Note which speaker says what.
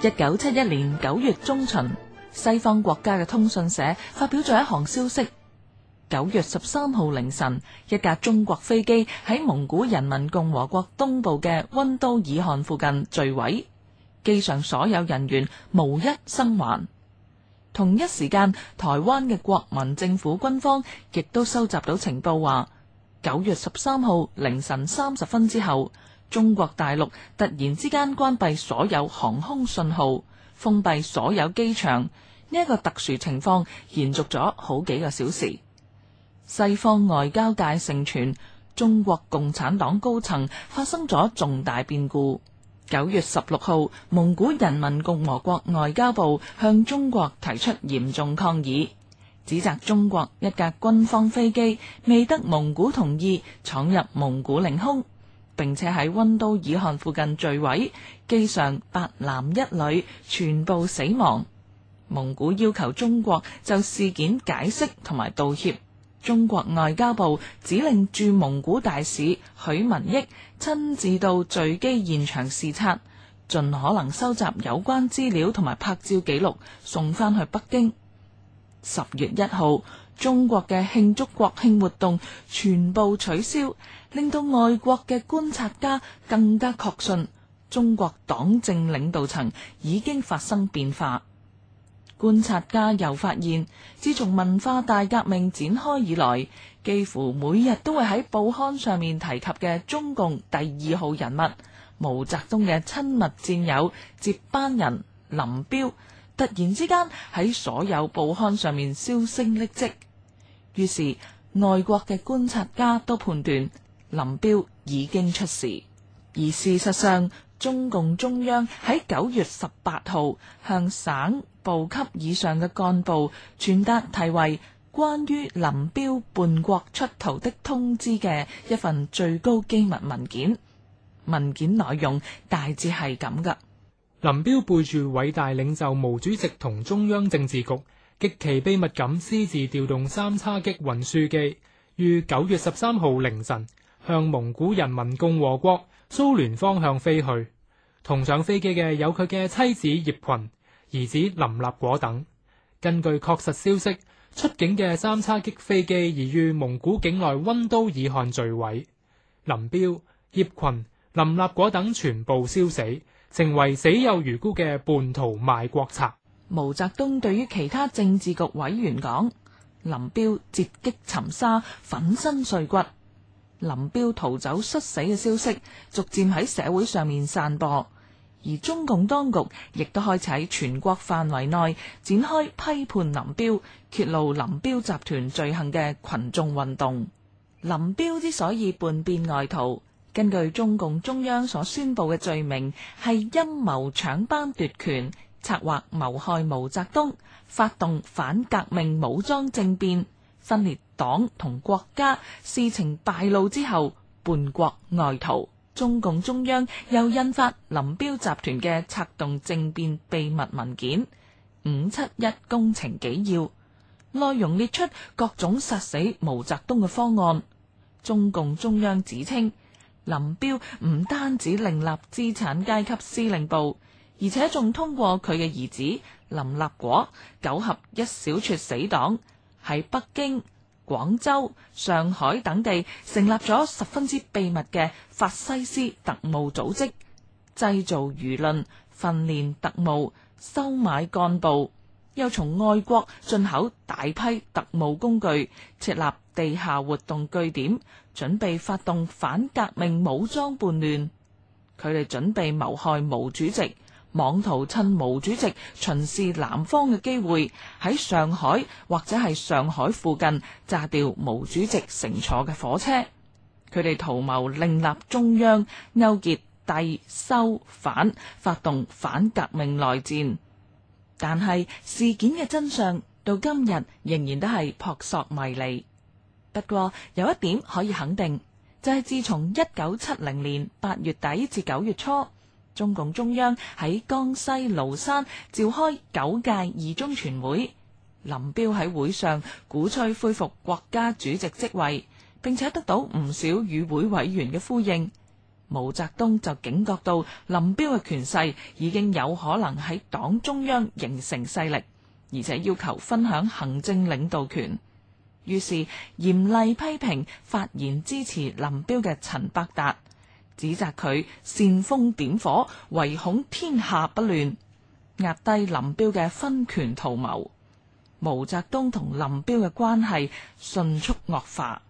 Speaker 1: 一九七一年九月中旬，西方國家嘅通訊社發表咗一項消息：九月十三號凌晨，一架中國飛機喺蒙古人民共和國東部嘅温都爾汗附近墜毀，機上所有人員無一生還。同一時間，台灣嘅國民政府軍方亦都收集到情報話，九月十三號凌晨三十分之後，中國大陸突然之間關閉所有航空信號，封閉所有機場。呢一個特殊情況延續咗好幾個小時。西方外交界盛傳中國共產黨高層發生咗重大變故。九月十六號，蒙古人民共和國外交部向中國提出嚴重抗議，指責中國一架軍方飛機未得蒙古同意，闖入蒙古領空。並且喺溫都爾汗附近墜毀，機上八男一女全部死亡。蒙古要求中國就事件解釋同埋道歉。中國外交部指令駐蒙古大使許文益親自到墜機現場視察，盡可能收集有關資料同埋拍照記錄，送翻去北京。十月一號。中國嘅慶祝國慶活動全部取消，令到外國嘅觀察家更加確信中國黨政領導層已經發生變化。觀察家又發現，自從文化大革命展開以來，幾乎每日都會喺報刊上面提及嘅中共第二號人物毛澤東嘅親密戰友接班人林彪，突然之間喺所有報刊上面銷聲匿跡。於是，外國嘅觀察家都判斷林彪已經出事，而事實上，中共中央喺九月十八號向省部級以上嘅幹部傳達題為《關於林彪叛國出逃的通知》嘅一份最高機密文
Speaker 2: 件。文件內容大致係咁噶：林彪背住偉大領袖毛主席同中央政治局，極其秘密咁私自調動三叉戟運輸機，於九月十三號凌晨向蒙古人民共和國蘇聯方向飛去。同上飛機嘅有佢嘅妻子葉群、兒子林立果等。根據確實消息，出境嘅三叉戟飛機而於蒙古境內溫都爾汗墜毀，林彪、葉群、林立果等全部燒死，成為死有餘辜嘅叛徒賣國賊。毛澤東對於其他政治局委員講：
Speaker 1: 林彪折戟沉沙，粉身碎骨。林彪逃走摔死嘅消息逐漸喺社會上面散播，而中共當局亦都開始喺全國範圍內展開批判林彪、揭露林彪集團罪行嘅群眾運動。林彪之所以叛變外逃，根據中共中央所宣布嘅罪名，係陰謀搶班奪權。策劃謀害毛澤東，發動反革命武裝政變，分裂黨同國家，事情敗露之後，叛國外逃。中共中央又印發林彪集團嘅策動政變秘密文件《五七一工程紀要》，內容列出各種殺死毛澤東嘅方案。中共中央指稱，林彪唔單止另立資產階級司令部。而且仲通過佢嘅兒子林立果，糾合一小撮死黨，喺北京、廣州、上海等地成立咗十分之秘密嘅法西斯特務組織，製造輿論，訓練特務，收買幹部，又從外國進口大批特務工具，設立地下活動據點，準備發動反革命武裝叛亂。佢哋準備謀害毛主席。妄圖趁毛主席巡視南方嘅機會，喺上海或者係上海附近炸掉毛主席乘坐嘅火車，佢哋圖謀另立中央，勾結帝、修、反，發動反革命內戰。但係事件嘅真相到今日仍然都係撲朔迷離。不過有一點可以肯定，就係自從一九七零年八月底至九月初。中共中央喺江西廬山召開九屆二中全會，林彪喺會上鼓吹恢復國家主席職位，並且得到唔少與會委員嘅呼應。毛澤東就警覺到林彪嘅權勢已經有可能喺黨中央形成勢力，而且要求分享行政領導權，於是嚴厲批評發言支持林彪嘅陳伯達。指責佢煽風點火，唯恐天下不亂，壓低林彪嘅分權圖謀。毛澤東同林彪嘅關係迅速惡化。